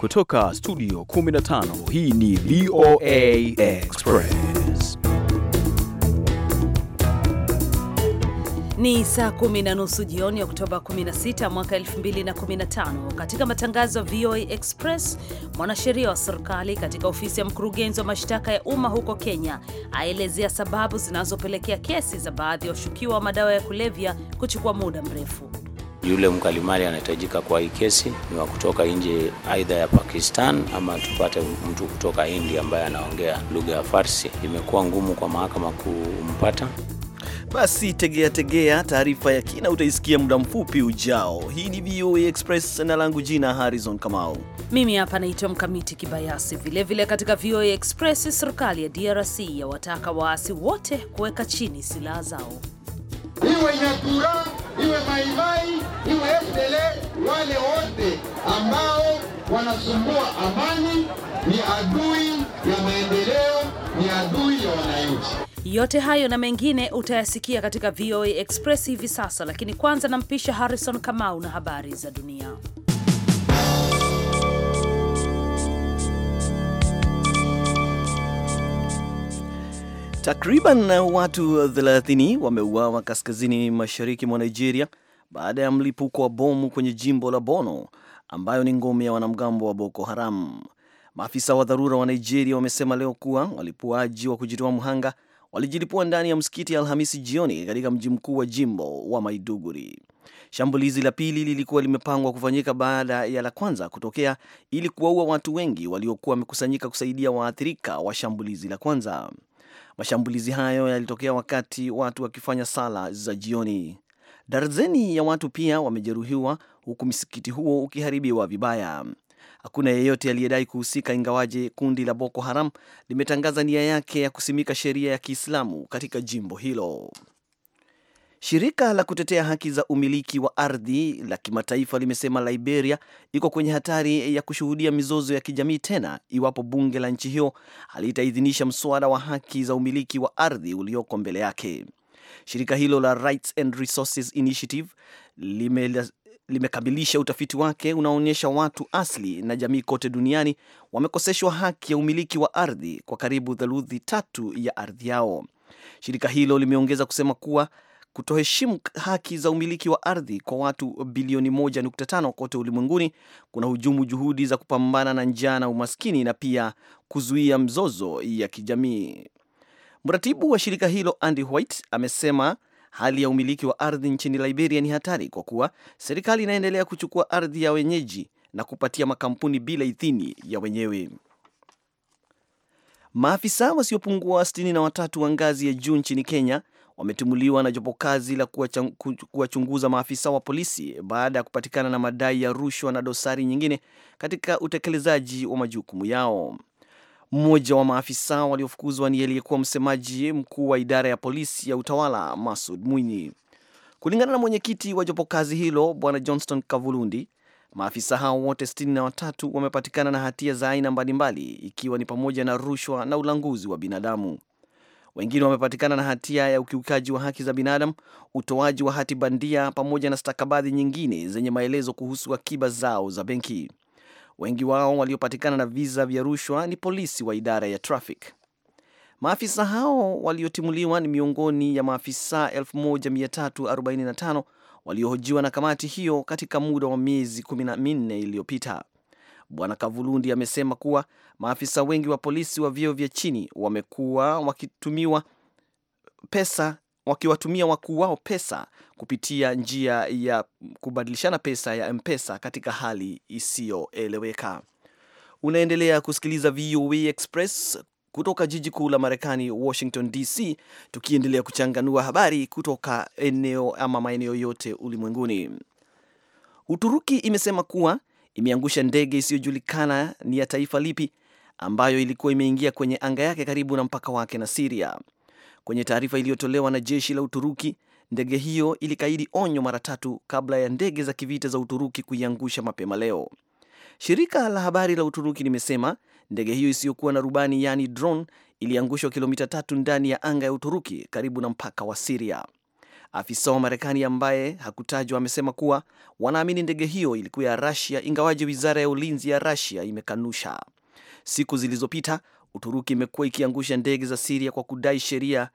Kutoka studio 15 hii ni VOA Express. Ni saa kumi na nusu jioni Oktoba 16 mwaka 2015. Katika matangazo ya VOA Express, mwanasheria wa serikali katika ofisi ya mkurugenzi wa mashtaka ya umma huko Kenya aelezea sababu zinazopelekea kesi za baadhi ya washukiwa wa madawa ya kulevya kuchukua muda mrefu. Yule mkalimali anahitajika kwa hii kesi ni wa kutoka nje, aidha ya Pakistan ama tupate mtu kutoka India ambaye anaongea lugha ya Farsi. Imekuwa ngumu kwa mahakama kumpata. Basi tegea tegea, taarifa ya kina utaisikia muda mfupi ujao. Hii ni VOA Express na langu jina Harrison Kamau. Mimi hapa naitwa Mkamiti Kibayasi. Vilevile vile katika VOA Express, serikali ya DRC ya wataka waasi wote kuweka chini silaha zao, iwe Nyatura iwe Maimai iwefdele wale wote ambao wanasumbua amani ni adui ya maendeleo, ni adui ya wananchi. Yote hayo na mengine utayasikia katika VOA Express hivi sasa, lakini kwanza nampisha Harrison Kamau na habari za dunia. Takriban watu 30 wameuawa kaskazini mashariki mwa Nigeria baada ya mlipuko wa bomu kwenye jimbo la Bono ambayo ni ngome ya wanamgambo wa Boko Haram. Maafisa wa dharura wa Nigeria wamesema leo kuwa walipuaji wa kujitoa mhanga walijilipua ndani ya msikiti Alhamisi jioni katika mji mkuu wa jimbo wa Maiduguri. Shambulizi la pili lilikuwa limepangwa kufanyika baada ya la kwanza kutokea ili kuwaua watu wengi waliokuwa wamekusanyika kusaidia waathirika wa shambulizi la kwanza. Mashambulizi hayo yalitokea wakati watu wakifanya sala za jioni. Darzeni ya watu pia wamejeruhiwa huku msikiti huo ukiharibiwa vibaya. Hakuna yeyote aliyedai kuhusika, ingawaje kundi la Boko Haram limetangaza nia yake ya kusimika sheria ya Kiislamu katika jimbo hilo. Shirika la kutetea haki za umiliki wa ardhi la kimataifa limesema Liberia iko kwenye hatari ya kushuhudia mizozo ya kijamii tena iwapo bunge la nchi hiyo halitaidhinisha mswada wa haki za umiliki wa ardhi ulioko mbele yake. Shirika hilo la Rights and Resources Initiative lime limekamilisha utafiti wake unaoonyesha watu asili na jamii kote duniani wamekoseshwa haki ya umiliki wa ardhi kwa karibu theluthi tatu ya ardhi yao. Shirika hilo limeongeza kusema kuwa kutoheshimu haki za umiliki wa ardhi kwa watu bilioni 1.5 kote ulimwenguni kuna hujumu juhudi za kupambana na njaa na umaskini na pia kuzuia mzozo ya kijamii. Mratibu wa shirika hilo Andy White amesema hali ya umiliki wa ardhi nchini Liberia ni hatari kwa kuwa serikali inaendelea kuchukua ardhi ya wenyeji na kupatia makampuni bila idhini ya wenyewe. Maafisa wasiopungua watatu wa ngazi ya juu nchini Kenya wametumuliwa na jopo kazi la kuwachunguza maafisa wa polisi baada ya kupatikana na madai ya rushwa na dosari nyingine katika utekelezaji wa majukumu yao. Mmoja wa maafisa waliofukuzwa ni aliyekuwa msemaji mkuu wa idara ya polisi ya utawala Masud Mwinyi. Kulingana na mwenyekiti wa jopo kazi hilo Bwana Johnston Kavulundi, maafisa hao wote 63 wamepatikana na hatia za aina mbalimbali, ikiwa ni pamoja na rushwa na ulanguzi wa binadamu. Wengine wamepatikana na hatia ya ukiukaji wa haki za binadamu, utoaji wa hati bandia, pamoja na stakabadhi nyingine zenye maelezo kuhusu akiba zao za benki. Wengi wao waliopatikana na visa vya rushwa ni polisi wa idara ya traffic. Maafisa hao waliotimuliwa ni miongoni ya maafisa 1345 waliohojiwa na kamati hiyo katika muda wa miezi 14 iliyopita. Bwana Kavulundi amesema kuwa maafisa wengi wa polisi wa vyeo vya chini wamekuwa wakitumiwa pesa wakiwatumia wakuu wao pesa kupitia njia ya kubadilishana pesa ya M-Pesa katika hali isiyoeleweka. Unaendelea kusikiliza VOA Express kutoka jiji kuu la Marekani, Washington DC, tukiendelea kuchanganua habari kutoka eneo ama maeneo yote ulimwenguni. Uturuki imesema kuwa imeangusha ndege isiyojulikana ni ya taifa lipi ambayo ilikuwa imeingia kwenye anga yake karibu na mpaka wake na Siria. Kwenye taarifa iliyotolewa na jeshi la Uturuki, ndege hiyo ilikaidi onyo mara tatu kabla ya ndege za kivita za Uturuki kuiangusha mapema leo. Shirika la habari la Uturuki limesema ndege hiyo isiyokuwa na rubani yaani drone iliangushwa kilomita tatu ndani ya anga ya Uturuki karibu na mpaka wa Siria. Afisa wa Marekani ambaye hakutajwa amesema kuwa wanaamini ndege hiyo ilikuwa ya Rasia, ingawaje wizara ya ulinzi ya Rasia imekanusha. Siku zilizopita Uturuki imekuwa ikiangusha ndege za Siria kwa kudai sheria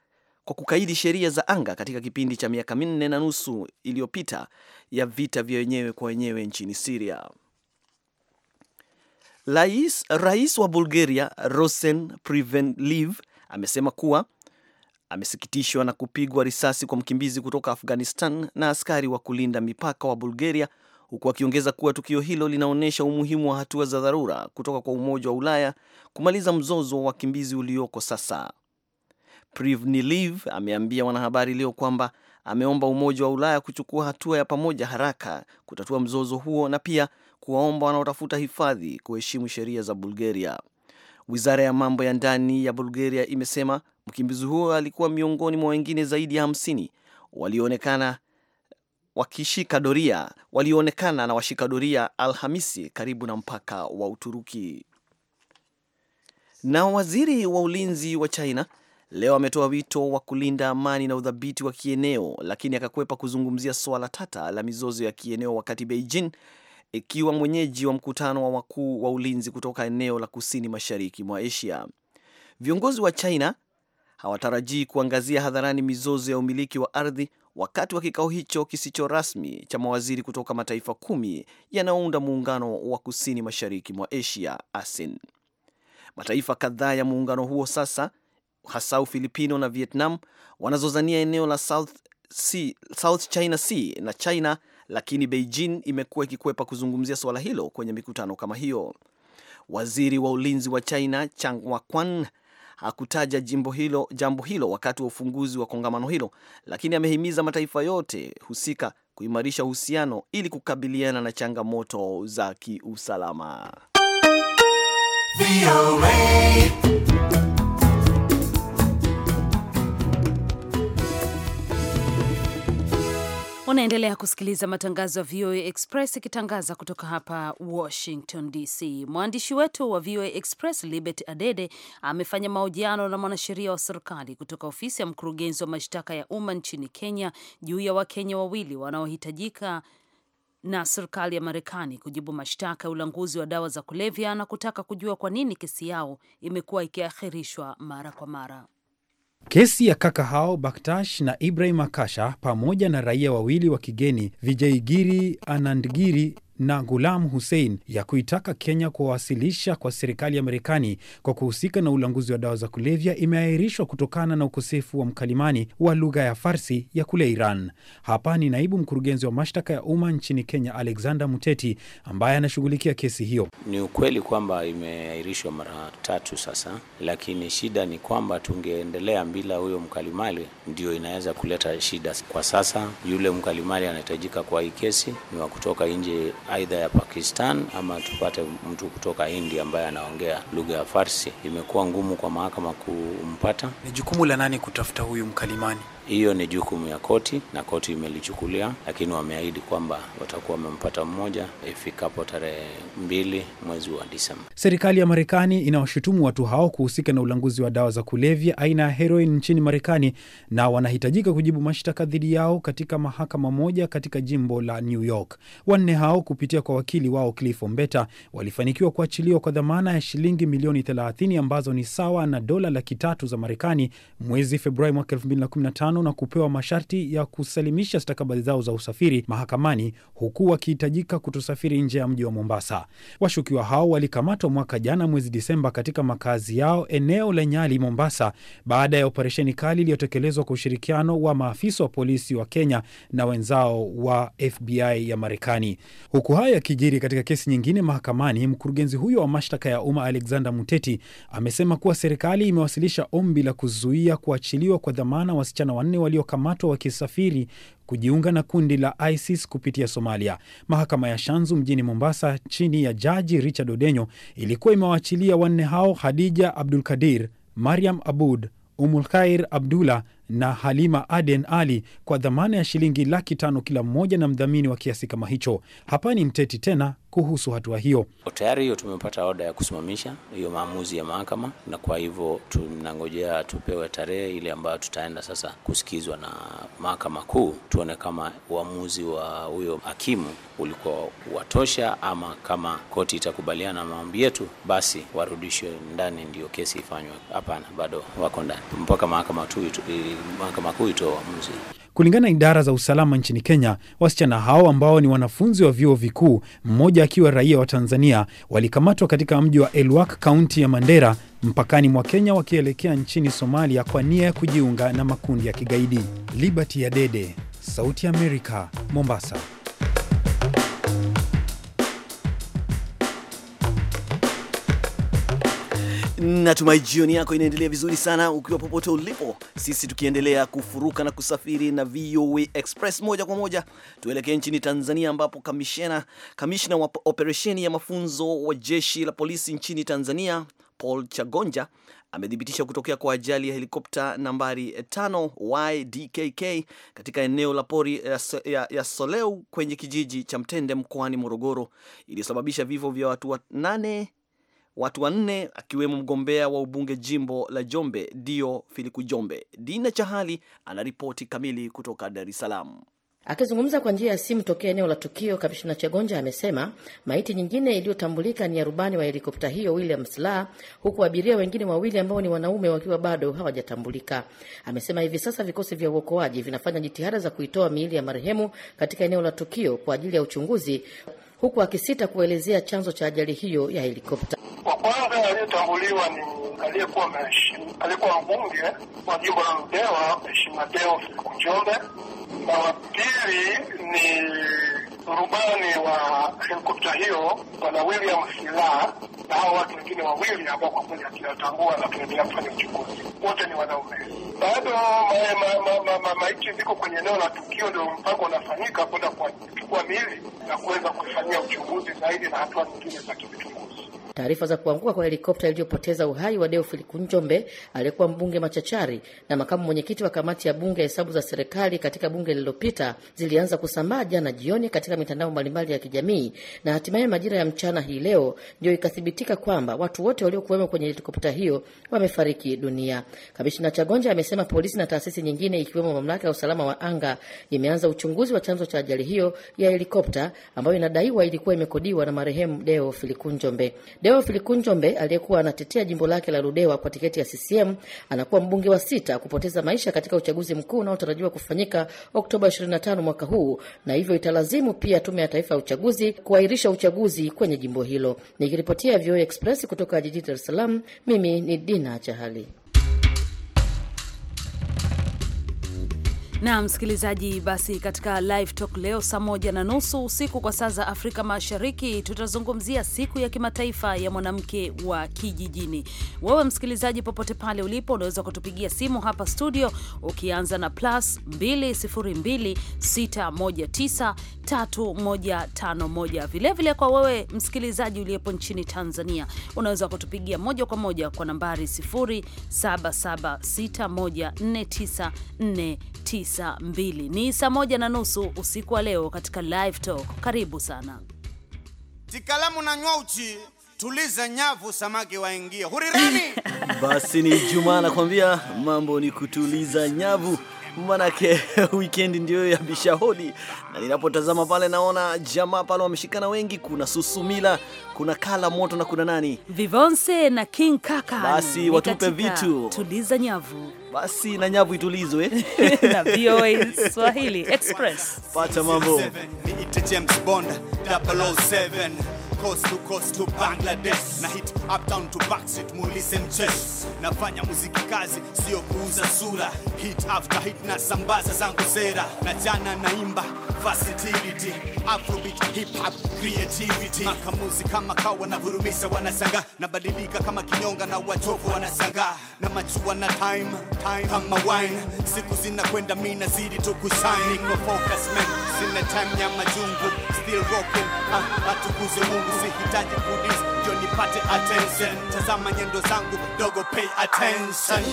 kwa kukaidi sheria za anga katika kipindi cha miaka minne na nusu iliyopita ya vita vya wenyewe kwa wenyewe nchini Siria. Rais, rais wa Bulgaria Rosen Plevneliev amesema kuwa amesikitishwa na kupigwa risasi kwa mkimbizi kutoka Afghanistan na askari wa kulinda mipaka wa Bulgaria huku akiongeza kuwa tukio hilo linaonyesha umuhimu wa hatua za dharura kutoka kwa Umoja wa Ulaya kumaliza mzozo wa wakimbizi ulioko sasa. Privniliv ameambia wanahabari leo kwamba ameomba Umoja wa Ulaya kuchukua hatua ya pamoja haraka kutatua mzozo huo na pia kuwaomba wanaotafuta hifadhi kuheshimu sheria za Bulgaria. Wizara ya mambo ya ndani ya Bulgaria imesema mkimbizi huo alikuwa miongoni mwa wengine zaidi ya hamsini walioonekana wakishika doria walioonekana na washika doria Alhamisi karibu na mpaka wa Uturuki. Na waziri wa ulinzi wa China leo ametoa wito wa kulinda amani na udhabiti wa kieneo, lakini akakwepa kuzungumzia suala tata la mizozo ya kieneo wakati Beijing ikiwa mwenyeji wa mkutano wa wakuu wa ulinzi kutoka eneo la kusini mashariki mwa Asia. Viongozi wa China hawatarajii kuangazia hadharani mizozo ya umiliki wa ardhi wakati wa kikao hicho kisicho rasmi cha mawaziri kutoka mataifa kumi yanayounda muungano wa kusini mashariki mwa Asia, ASEAN. Mataifa kadhaa ya muungano huo sasa, hasa Ufilipino na Vietnam, wanazozania eneo la South, sea, South China Sea na China, lakini Beijing imekuwa ikikwepa kuzungumzia suala hilo kwenye mikutano kama hiyo. Waziri wa ulinzi wa China Chang Wakwan hakutaja jimbo hilo, jambo hilo wakati wa ufunguzi wa kongamano hilo, lakini amehimiza mataifa yote husika kuimarisha uhusiano ili kukabiliana na changamoto za kiusalama. Unaendelea kusikiliza matangazo ya VOA Express ikitangaza kutoka hapa Washington DC. Mwandishi wetu wa VOA Express Libert Adede amefanya mahojiano na mwanasheria wa serikali kutoka ofisi ya mkurugenzi wa mashtaka ya umma nchini Kenya juu ya Wakenya wawili wanaohitajika na serikali ya Marekani kujibu mashtaka ya ulanguzi wa dawa za kulevya na kutaka kujua kwa nini kesi yao imekuwa ikiakhirishwa mara kwa mara. Kesi ya kaka hao Baktash na Ibrahim Akasha pamoja na raia wawili wa kigeni Vijay Giri na Ghulam Hussein ya kuitaka Kenya kuwawasilisha kwa serikali ya Marekani kwa kuhusika na ulanguzi wa dawa za kulevya imeahirishwa kutokana na ukosefu wa mkalimani wa lugha ya Farsi ya kule Iran. Hapa ni naibu mkurugenzi wa mashtaka ya umma nchini Kenya, Alexander Muteti, ambaye anashughulikia kesi hiyo. Ni ukweli kwamba imeahirishwa mara tatu sasa, lakini shida ni kwamba tungeendelea bila huyo mkalimali, ndio inaweza kuleta shida. Kwa sasa yule mkalimali anahitajika kwa hii kesi ni wa kutoka nje aidha ya Pakistan ama tupate mtu kutoka India ambaye anaongea lugha ya Farsi. Imekuwa ngumu kwa mahakama kumpata. Ni jukumu la nani kutafuta huyu mkalimani? Hiyo ni jukumu ya koti na koti imelichukulia, lakini wameahidi kwamba watakuwa wamempata mmoja ifikapo tarehe mbili mwezi wa Disemba. Serikali ya Marekani inawashutumu watu hao kuhusika na ulanguzi wa dawa za kulevya aina ya heroin nchini Marekani na wanahitajika kujibu mashtaka dhidi yao katika mahakama moja katika jimbo la New York. Wanne hao kupitia kwa wakili wao Cliff Ombeta walifanikiwa kuachiliwa kwa dhamana ya shilingi milioni 30 ambazo ni sawa na dola laki tatu za Marekani mwezi Februari mwaka 2015 mapambano na kupewa masharti ya kusalimisha stakabadhi zao za usafiri mahakamani, huku wakihitajika kutosafiri nje ya mji wa Mombasa. Washukiwa hao walikamatwa mwaka jana mwezi Disemba katika makazi yao eneo la Nyali, Mombasa, baada ya operesheni kali iliyotekelezwa kwa ushirikiano wa maafisa wa polisi wa Kenya na wenzao wa FBI ya Marekani. Huku haya yakijiri, katika kesi nyingine mahakamani, mkurugenzi huyo wa mashtaka ya umma Alexander Muteti amesema kuwa serikali imewasilisha ombi la kuzuia kuachiliwa kwa dhamana wasichana wa wanne waliokamatwa wakisafiri kujiunga na kundi la ISIS kupitia Somalia. Mahakama ya Shanzu mjini Mombasa chini ya Jaji Richard Odenyo ilikuwa imewaachilia wanne hao Hadija Abdul Kadir, Mariam Abud, Umulkhair Abdullah na Halima Aden Ali kwa dhamana ya shilingi laki tano kila mmoja na mdhamini wa kiasi kama hicho. Hapa ni mteti tena kuhusu hatua hiyo. Tayari hiyo tumepata oda ya kusimamisha hiyo maamuzi ya mahakama, na kwa hivyo tunangojea tupewe tarehe ile ambayo tutaenda sasa kusikizwa na mahakama kuu, tuone kama uamuzi wa huyo hakimu ulikuwa watosha, ama kama koti itakubaliana na maombi yetu, basi warudishwe ndani ndiyo kesi ifanywe. Hapana, bado wako ndani mpaka mahakama kuu itoe uamuzi. Kulingana na idara za usalama nchini Kenya, wasichana hao ambao ni wanafunzi wa vyuo vikuu, mmoja akiwa raia wa Tanzania, walikamatwa katika mji wa Elwak, kaunti ya Mandera, mpakani mwa Kenya, wakielekea nchini Somalia kwa nia ya kujiunga na makundi ya kigaidi. Liberty Adede, Sauti ya Amerika, Mombasa. Natumai jioni yako inaendelea vizuri sana ukiwa popote ulipo, sisi tukiendelea kufuruka na kusafiri na VOA Express. Moja kwa moja tuelekee nchini Tanzania, ambapo kamishna kamishna wa operesheni ya mafunzo wa jeshi la polisi nchini Tanzania Paul Chagonja amethibitisha kutokea kwa ajali ya helikopta nambari 5 YDKK katika eneo la pori ya, ya Soleu kwenye kijiji cha Mtende mkoani Morogoro iliyosababisha vifo vya watu wanane Watu wanne akiwemo mgombea wa ubunge jimbo la Jombe Dio Filiku Jombe. Dina Chahali anaripoti kamili kutoka Dar es Salaam. Akizungumza kwa njia ya simu tokea eneo la tukio, kamishina Chagonja amesema maiti nyingine iliyotambulika ni ya rubani wa helikopta hiyo William Slaa, huku abiria wengine wawili ambao ni wanaume wakiwa bado hawajatambulika. Amesema hivi sasa vikosi vya uokoaji vinafanya jitihada za kuitoa miili ya marehemu katika eneo la tukio kwa ajili ya uchunguzi huku akisita kuelezea chanzo cha ajali hiyo ya helikopta. Wa kwanza aliyetambuliwa ni aliyekuwa aliyekuwa mbunge wa jimbo la Ludewa, Mheshimiwa Deo Filipu na wa pili ni rubani wa helikopta hiyo Bwana William Silaa na hao watu wengine wawili ambao kwa kweli hatujatambua na tunaendelea kufanya uchunguzi. Wote ni wanaume. Bado maiti ziko kwenye eneo la tukio, ndio mpango unafanyika kwenda kuchukua miili na kuweza kufanyia uchunguzi zaidi na hatua nyingine za kiuchunguzi. Taarifa za kuanguka kwa helikopta iliyopoteza uhai wa Deophili Kunjombe, aliyekuwa mbunge machachari na makamu mwenyekiti wa kamati ya bunge ya hesabu za serikali katika bunge lililopita zilianza kusambaa jana jioni katika mitandao mbalimbali ya kijamii, na hatimaye majira ya mchana hii leo ndio ikathibitika kwamba watu wote waliokuwemo kwenye helikopta hiyo wamefariki dunia. Kamishina Chagonja amesema polisi na taasisi nyingine ikiwemo mamlaka ya usalama wa anga imeanza uchunguzi wa chanzo cha ajali hiyo ya helikopta ambayo inadaiwa ilikuwa imekodiwa na marehemu Deophili Njombe. Deo filikunjombe aliyekuwa anatetea jimbo lake la Ludewa kwa tiketi ya CCM anakuwa mbunge wa sita kupoteza maisha katika uchaguzi mkuu unaotarajiwa kufanyika Oktoba 25 mwaka huu, na hivyo italazimu pia Tume ya Taifa ya Uchaguzi kuahirisha uchaguzi kwenye jimbo hilo. Nikiripotia VOA e Express kutoka jijini Dar es Salaam, mimi ni Dina Chahali. na msikilizaji, basi katika live talk leo saa moja na nusu usiku kwa saa za Afrika Mashariki tutazungumzia siku ya kimataifa ya mwanamke wa kijijini. Wewe msikilizaji, popote pale ulipo, unaweza kutupigia simu hapa studio ukianza na plus 2026193151. Vilevile kwa wewe msikilizaji uliyepo nchini Tanzania, unaweza kutupigia moja kwa moja kwa nambari 0776149449 tisa mbili ni saa moja na nusu usiku wa leo katika live talk. Karibu sana tikalamu na nyauchi tuliza nyavu samaki waingie hurirani. Basi ni Jumaa anakuambia mambo ni kutuliza nyavu, manake weekend ndio ya bishahodi, na ninapotazama pale naona jamaa pale wameshikana wengi, kuna Susumila, kuna Kala Moto na kuna nani Vivonse na King Kaka. Basi watupe vitu tuliza nyavu basi na nyavu itulizwe eh? na VOA Swahili Express pata mambo Coast to coast to Bangladesh na hit uptown to nafanya muziki kazi sio kuuza sura hit after hit na sambaza zangu sera na jana naimba versatility afrobeat hip hop creativity makamuzi kama kawa wanavurumisa wanasanga nabadilika kama kinyonga na watovu wanasanga na machua na time, time kama wine siku zinakwenda mi nazidi tu kushine niko focus man sina time ya majungu still rocking ah, atukuze mungu sihitaji kudis jo nipate attention tazama nyendo zangu dogo pay attention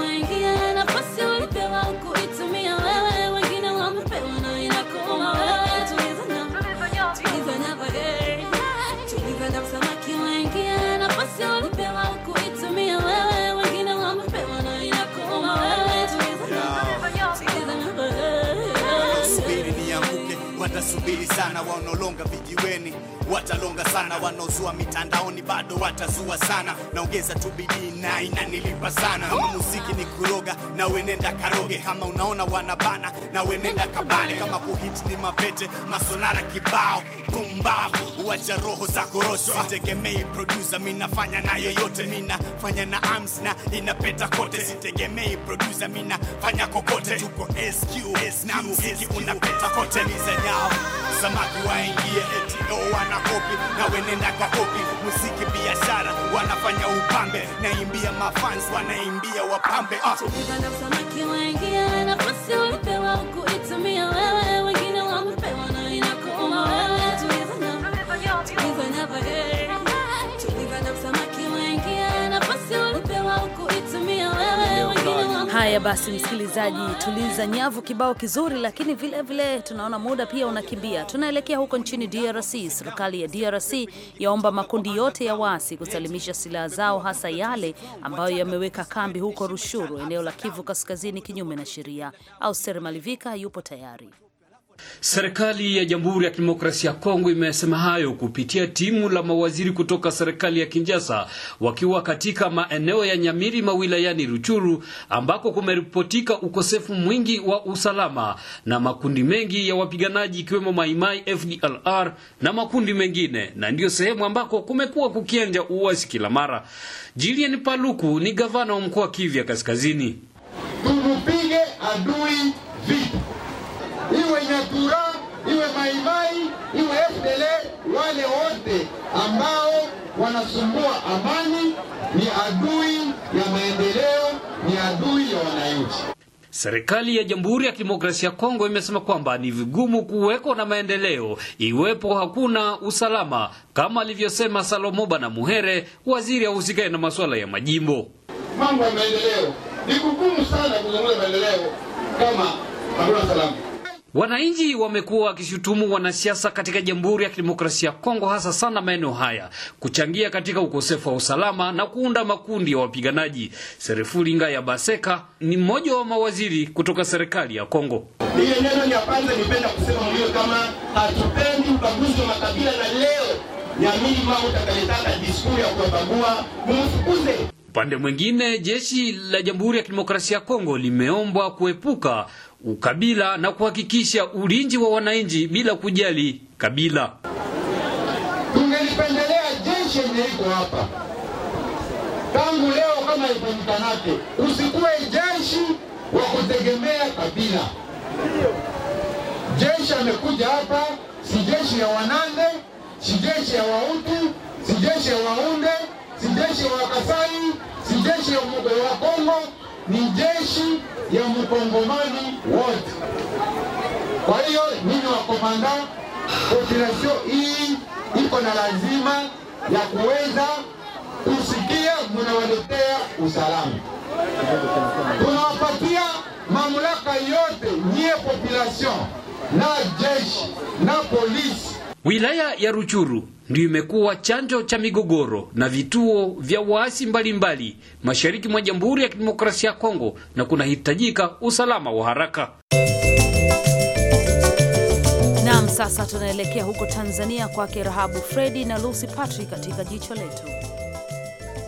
wengi wanaosubiri sana, wanaolonga vijiweni watalonga sana, wanaozua mitandaoni bado watazua sana. Naongeza tu bidii na inanilipa sana. Kama muziki ni kuroga, na wenenda karoge. Kama unaona wanabana, na wenenda kabale. Kama kuhit ni mapete, masonara kibao, pumbavu, wacha roho za korosho. Sitegemei producer, mi nafanya na yoyote, mi nafanya na arms na inapeta kote. Sitegemei producer, mi nafanya kokote, tuko SQ, SQ na muziki unapeta kote, mizanyao samaki waingie eti o oh, wanakopi na wenenda kwa muziki biashara wanafanya upambe naimbia mafans wanaimbia wapambe ah. wewe Haya basi, msikilizaji, tuliza nyavu, kibao kizuri, lakini vilevile vile, tunaona muda pia unakimbia. Tunaelekea huko nchini DRC. Serikali ya DRC yaomba makundi yote ya waasi kusalimisha silaha zao, hasa yale ambayo yameweka kambi huko Rushuru, eneo la Kivu Kaskazini, kinyume na sheria. Auster Malivika yupo tayari. Serikali ya Jamhuri ya Kidemokrasia ya Kongo imesema hayo kupitia timu la mawaziri kutoka serikali ya kinjasa wakiwa katika maeneo ya Nyamiri mawilayani Ruchuru ambako kumeripotika ukosefu mwingi wa usalama na makundi mengi ya wapiganaji ikiwemo Maimai FDLR na makundi mengine, na ndiyo sehemu ambako kumekuwa kukienja uasi kila mara. jilian Paluku ni gavana wa mkoa Kivu ya Kaskazini. Tumupige adui vipi? Inatura, iwe Maimai, iwe FDL, wale wote ambao wanasumbua amani ni adui ya maendeleo, ni adui ya wananchi. Serikali ya Jamhuri ya Kidemokrasia ya Kongo imesema kwamba ni vigumu kuweko na maendeleo iwepo hakuna usalama, kama alivyosema Salomo Bana Muhere, waziri ahusikaye na masuala ya majimbo. Mambo ya maendeleo ni kugumu sana kuzungumza maendeleo kama hakuna usalama. Wananchi wamekuwa wakishutumu wanasiasa katika Jamhuri ya Kidemokrasia ya Kongo, hasa sana maeneo haya, kuchangia katika ukosefu wa usalama na kuunda makundi ya wapiganaji. Serefulinga ya Baseka ni mmoja wa mawaziri kutoka serikali ya Kongo. Ile neno ya kwanza nipenda kusema mwenyewe, kama hatupendi ubaguzi wa makabila, na leo niamini mambo takaletaka diskuri ya kuwabagua mumfukuze Upande mwingine, jeshi la Jamhuri ya Kidemokrasia ya Kongo limeombwa kuepuka ukabila na kuhakikisha ulinzi wa wananchi bila kujali kabila. Tungelipendelea jeshi yenye iko hapa tangu leo, kama iponyikanake, usikuwe jeshi wa kutegemea kabila. Jeshi amekuja hapa, si jeshi ya Wanande, si jeshi ya wautu si jeshi ya Waunde si jeshi ya Wakasai, si jeshi ya mmoja wa Kongo, ni jeshi ya mkongomani wote. Kwa hiyo mimi wakomanda, operation hii iko na lazima ya kuweza kusikia mnawaletea usalama, tunawapatia mamlaka yote nyie population na jeshi na polisi wilaya ya Ruchuru ndio imekuwa chanjo cha migogoro na vituo vya waasi mbalimbali mashariki mwa Jamhuri ya Kidemokrasia ya Kongo na kunahitajika usalama wa haraka. Naam, sasa tunaelekea huko Tanzania kwake Rahabu Fredi na Lucy Patrick katika jicho letu.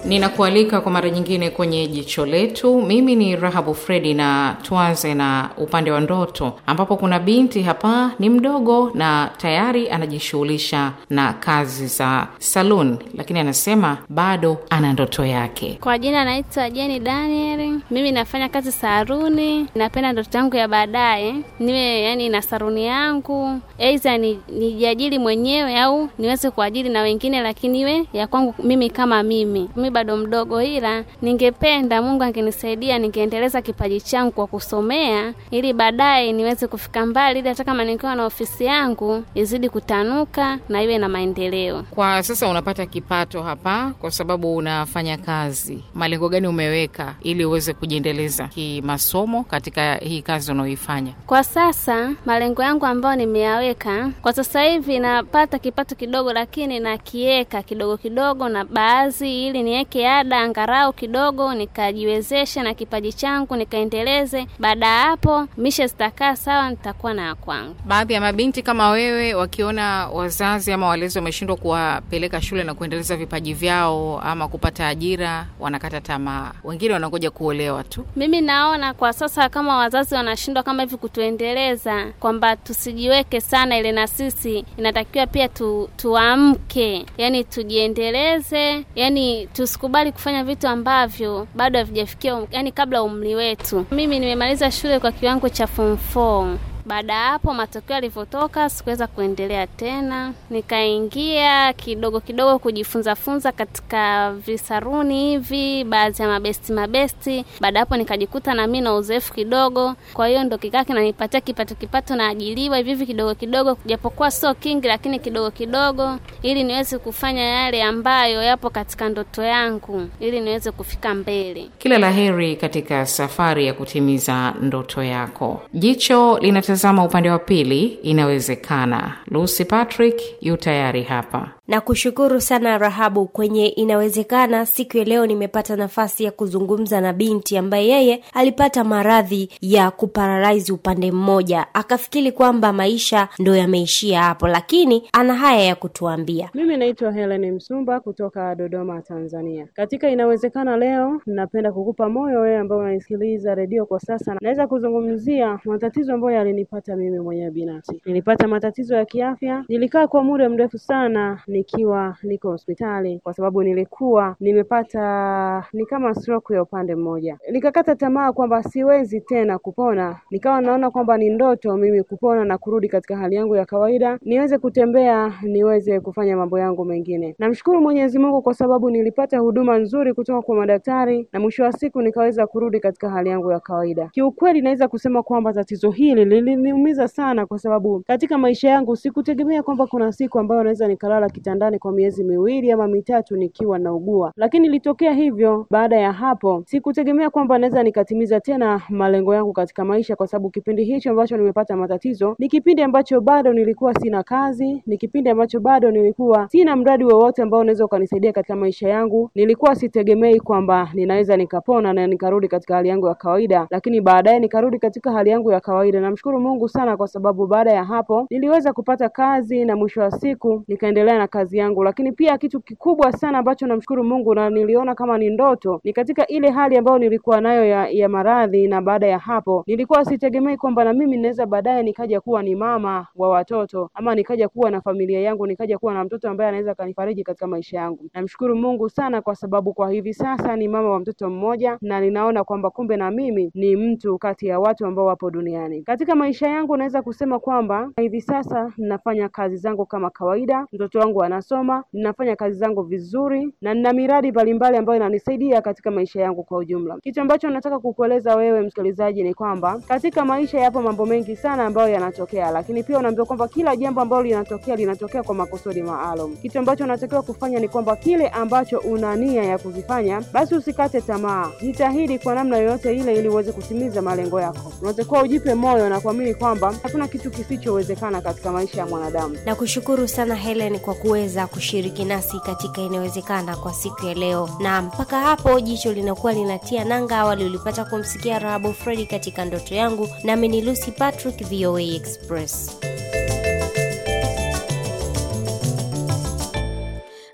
Ninakualika kwa mara nyingine kwenye jicho letu. Mimi ni Rahabu Fredi, na tuanze na upande wa ndoto, ambapo kuna binti hapa ni mdogo na tayari anajishughulisha na kazi za saluni, lakini anasema bado ana ndoto yake. Kwa jina anaitwa Jeni Daniel. Mimi nafanya kazi saruni, napenda ndoto yangu ya baadaye niwe yani na saruni yangu, aidha nijiajiri mwenyewe au niweze kuajiri na wengine, lakini iwe ya kwangu mimi kama mimi mimi bado mdogo, ila ningependa Mungu angenisaidia ningeendeleza kipaji changu kwa kusomea, ili baadaye niweze kufika mbali, ili hata kama nikiwa na ofisi yangu izidi kutanuka na iwe na maendeleo. Kwa sasa unapata kipato hapa kwa sababu unafanya kazi, malengo gani umeweka ili uweze kujiendeleza kimasomo katika hii kazi unaoifanya kwa sasa? Malengo yangu ambayo nimeyaweka kwa sasa hivi, napata kipato kidogo, lakini nakiweka kidogo kidogo na baadhi ili niweke kiada angarau kidogo nikajiwezeshe na kipaji changu nikaendeleze. Baada ya hapo mishe zitakaa sawa, nitakuwa na kwangu. Baadhi ya mabinti kama wewe wakiona wazazi ama walezi wameshindwa kuwapeleka shule na kuendeleza vipaji vyao ama kupata ajira, wanakata tamaa, wengine wanangoja kuolewa tu. Mimi naona kwa sasa kama wazazi wanashindwa kama hivi kutuendeleza, kwamba tusijiweke sana, ile na sisi inatakiwa pia tu, tuamke, yani tujiendeleze, yani tus sikubali kufanya vitu ambavyo bado havijafikia, um-, yani kabla umri wetu. Mimi nimemaliza shule kwa kiwango cha form baada ya hapo, matokeo yalivyotoka, sikuweza kuendelea tena, nikaingia kidogo kidogo kujifunza funza katika visaruni hivi, baadhi ya mabesti mabesti. Baada hapo, nikajikuta na mimi na uzoefu kidogo, kwa hiyo ndo kikaa kinanipatia kipato kipato, naajiliwa hivi hivi kidogo kidogo, japokuwa sio kingi, lakini kidogo kidogo, ili niweze kufanya yale ambayo yapo katika ndoto yangu, ili niweze kufika mbele. Kila laheri katika safari ya kutimiza ndoto yako. Jicho linata kutazama upande wa pili inawezekana. Lucy Patrick yu tayari hapa na kushukuru sana Rahabu kwenye inawezekana. Siku ya leo nimepata nafasi ya kuzungumza na binti ambaye yeye alipata maradhi ya kuparalaizi upande mmoja, akafikiri kwamba maisha ndo yameishia hapo, lakini ana haya ya kutuambia. Mimi naitwa Helen Msumba kutoka Dodoma, Tanzania. Katika inawezekana leo, napenda kukupa moyo wewe ambao unaisikiliza redio kwa sasa. Naweza kuzungumzia matatizo ambayo yalinipata mimi mwenyewe binafsi. Nilipata matatizo ya kiafya, nilikaa kwa muda mrefu sana nikiwa niko hospitali kwa sababu nilikuwa nimepata ni kama stroke ya upande mmoja. Nikakata tamaa kwamba siwezi tena kupona, nikawa naona kwamba ni ndoto mimi kupona na kurudi katika hali yangu ya kawaida, niweze kutembea, niweze kufanya mambo yangu mengine. Namshukuru Mwenyezi Mungu kwa sababu nilipata huduma nzuri kutoka kwa madaktari na mwisho wa siku nikaweza kurudi katika hali yangu ya kawaida. Kiukweli naweza kusema kwamba tatizo hili liliniumiza sana, kwa sababu katika maisha yangu sikutegemea kwamba kuna siku ambayo naweza nikalala kitandani kwa miezi miwili ama mitatu nikiwa naugua, lakini ilitokea hivyo. Baada ya hapo, sikutegemea kwamba naweza nikatimiza tena malengo yangu katika maisha, kwa sababu kipindi hicho ambacho nimepata matatizo ni kipindi ambacho bado nilikuwa sina kazi, ni kipindi ambacho bado nilikuwa sina mradi wowote ambao unaweza ukanisaidia katika maisha yangu. Nilikuwa sitegemei kwamba ninaweza nikapona na nikarudi katika hali yangu ya kawaida, lakini baadaye nikarudi katika hali yangu ya kawaida. Namshukuru Mungu sana kwa sababu baada ya hapo niliweza kupata kazi na mwisho wa siku nikaendelea na kazi yangu. Lakini pia kitu kikubwa sana ambacho namshukuru Mungu na niliona kama ni ndoto ni katika ile hali ambayo nilikuwa nayo ya, ya maradhi, na baada ya hapo nilikuwa sitegemei kwamba na mimi ninaweza baadaye nikaja kuwa ni mama wa watoto ama nikaja kuwa na familia yangu, nikaja kuwa na mtoto ambaye anaweza akanifariji katika maisha yangu. Namshukuru Mungu sana kwa sababu kwa hivi sasa ni mama wa mtoto mmoja, na ninaona kwamba kumbe na mimi ni mtu kati ya watu ambao wapo duniani. Katika maisha yangu naweza kusema kwamba hivi sasa ninafanya kazi zangu kama kawaida, mtoto wangu anasoma, ninafanya kazi zangu vizuri na nina miradi mbalimbali ambayo inanisaidia katika maisha yangu kwa ujumla. Kitu ambacho nataka kukueleza wewe msikilizaji ni kwamba katika maisha yapo mambo mengi sana ambayo yanatokea, lakini pia unaambiwa kwamba kila jambo ambalo linatokea linatokea kwa makusudi maalum. Kitu ambacho unatakiwa kufanya ni kwamba kile ambacho una nia ya kukifanya, basi usikate tamaa, jitahidi kwa namna yoyote ile ili uweze kutimiza malengo yako. Unatakiwa ujipe moyo na kuamini kwamba hakuna kitu kisichowezekana katika maisha ya mwanadamu. Nakushukuru sana Helen kwa kuwe kuweza kushiriki nasi katika inayowezekana kwa siku ya leo, na mpaka hapo jicho linakuwa linatia nanga. Awali ulipata kumsikia Rahabu Fredi katika ndoto yangu, nami ni Lucy Patrick, VOA Express.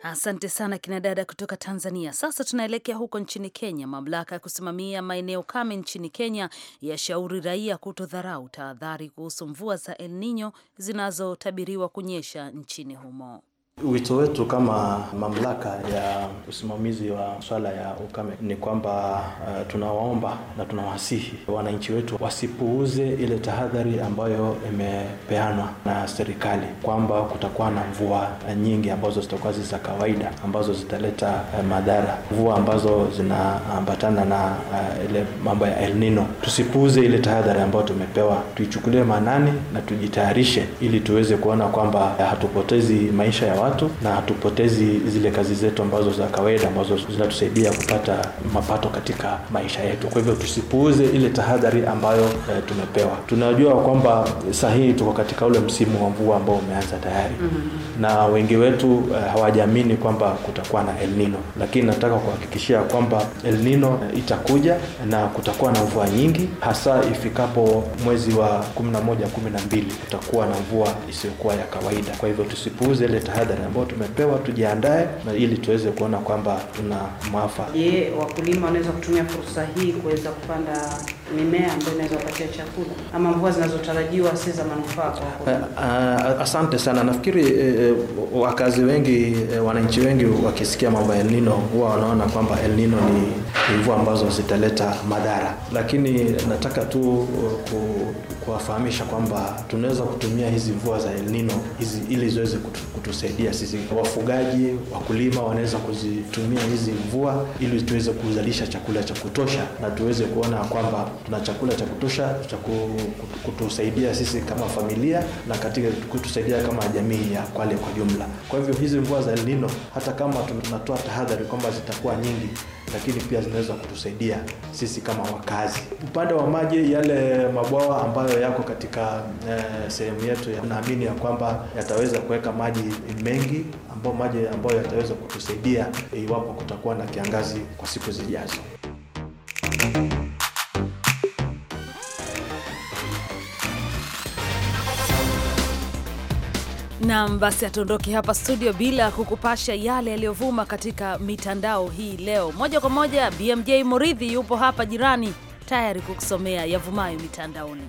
Asante sana kina dada kutoka Tanzania. Sasa tunaelekea huko nchini Kenya. Mamlaka ya kusimamia maeneo kame nchini Kenya yashauri raia kutodharau tahadhari kuhusu mvua za El Nino zinazotabiriwa kunyesha nchini humo. Wito wetu kama mamlaka ya usimamizi wa swala ya ukame ni kwamba uh, tunawaomba na tunawasihi wananchi wetu wasipuuze ile tahadhari ambayo imepeanwa na serikali kwamba kutakuwa na mvua nyingi ambazo zitakuwa za kawaida ambazo zitaleta uh, madhara, mvua ambazo zinaambatana na uh, ile mambo ya El Nino. Tusipuuze ile tahadhari ambayo tumepewa, tuichukulie maanani na tujitayarishe ili tuweze kuona kwamba uh, hatupotezi maisha ya watu na hatupotezi zile kazi zetu ambazo za kawaida ambazo zinatusaidia kupata mapato katika maisha yetu. Kwa hivyo tusipuuze ile tahadhari ambayo e, tumepewa. Tunajua kwamba sahihi tuko katika ule msimu wa mvua ambao umeanza tayari mm-hmm. na wengi wetu e, eh, hawajaamini kwamba kutakuwa na El Nino, lakini nataka kuhakikishia kwamba El Nino e, itakuja na kutakuwa na mvua nyingi, hasa ifikapo mwezi wa 11 12 kutakuwa na mvua isiyokuwa ya kawaida. Kwa hivyo tusipuuze ile tahadhari tahadhari ambayo tumepewa, tujiandae ili tuweze kuona kwamba tuna mwafa. Je, wakulima wanaweza kutumia fursa hii kuweza kupanda mimea ambayo inaweza kupatia chakula ama mvua zinazotarajiwa si za manufaa kwa uh, asante sana. Nafikiri uh, wakazi wengi uh, wananchi wengi wakisikia mambo ya elnino huwa wanaona kwamba elnino ni mvua ambazo zitaleta madhara, lakini nataka tu kuwafahamisha kwamba tunaweza kutumia hizi mvua za elnino hizi ili ziweze kutu, kutusaidia sisi wafugaji, wakulima wanaweza kuzitumia hizi mvua ili tuweze kuzalisha chakula cha kutosha na tuweze kuona kwamba tuna chakula cha kutosha cha kutusaidia sisi kama familia na katika kutusaidia kama jamii ya Kwale kwa jumla. Kwa hivyo hizi mvua za lino Nino, hata kama tunatoa tahadhari kwamba zitakuwa nyingi, lakini pia zinaweza kutusaidia sisi kama wakazi. Upande wa maji, yale mabwawa ambayo yako katika e, sehemu yetu, naamini ya kwamba yataweza kuweka maji mengi ambayo maji ambayo yataweza kutusaidia iwapo kutakuwa na kiangazi kwa siku zijazo. Nam, basi hatuondoke hapa studio bila kukupasha yale yaliyovuma katika mitandao hii leo. Moja kwa moja, BMJ Muridhi yupo hapa jirani tayari kukusomea yavumayo mitandaoni.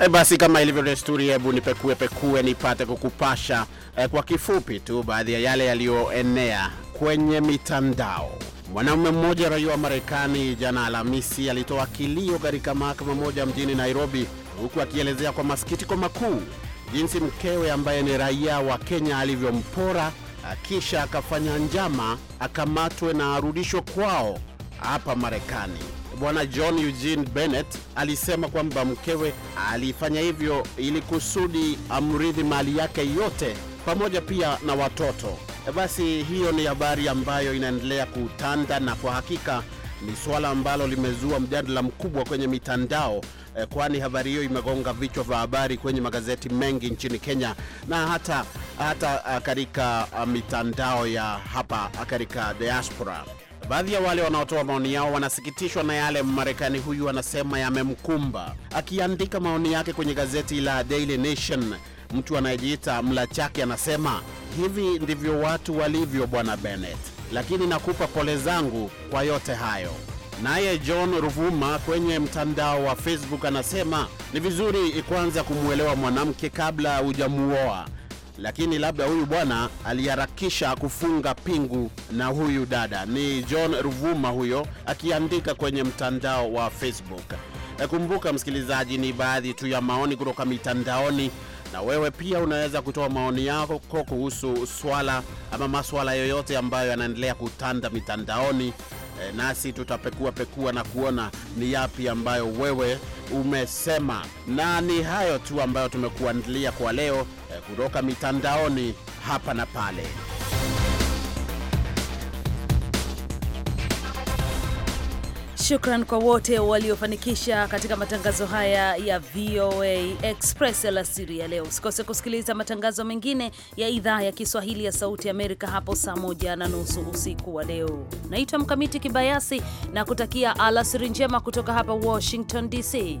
E, basi kama ilivyo desturi, hebu nipekue pekue nipate kukupasha e, kwa kifupi tu baadhi ya yale yaliyoenea kwenye mitandao. Mwanaume mmoja raia wa Marekani jana Alhamisi alitoa kilio katika mahakama moja mjini Nairobi, huku akielezea kwa masikitiko makuu jinsi mkewe ambaye ni raia wa Kenya alivyompora, ah, kisha akafanya njama akamatwe na arudishwe kwao hapa Marekani. Bwana John Eugene Bennett alisema kwamba mkewe alifanya hivyo ili kusudi amrithi mali yake yote pamoja pia na watoto. Basi hiyo ni habari ambayo inaendelea kutanda, na kwa hakika ni suala ambalo limezua mjadala mkubwa kwenye mitandao eh, kwani habari hiyo imegonga vichwa vya habari kwenye magazeti mengi nchini Kenya na hata, hata eh, katika eh, mitandao ya hapa eh, katika diaspora. Baadhi ya wale wanaotoa maoni yao wanasikitishwa na yale Marekani huyu anasema yamemkumba. Akiandika maoni yake kwenye gazeti la Daily Nation, mtu anayejiita mla chake anasema hivi ndivyo watu walivyo, Bwana Bennett lakini nakupa pole zangu kwa yote hayo. Naye John Ruvuma kwenye mtandao wa Facebook anasema ni vizuri kwanza kumwelewa mwanamke kabla hujamuoa, lakini labda huyu bwana aliharakisha kufunga pingu na huyu dada. Ni John Ruvuma huyo akiandika kwenye mtandao wa Facebook. Kumbuka msikilizaji, ni baadhi tu ya maoni kutoka mitandaoni na wewe pia unaweza kutoa maoni yako kuhusu swala ama maswala yoyote ambayo yanaendelea kutanda mitandaoni. E, nasi tutapekua pekua na kuona ni yapi ambayo wewe umesema. Na ni hayo tu ambayo tumekuandilia kwa leo, e, kutoka mitandaoni hapa na pale. Shukran kwa wote waliofanikisha katika matangazo haya ya VOA Express alasiri ya leo. Usikose kusikiliza matangazo mengine ya idhaa ya Kiswahili ya Sauti Amerika hapo saa moja na nusu usiku wa leo. Naitwa Mkamiti Kibayasi na kutakia alasiri njema kutoka hapa Washington DC.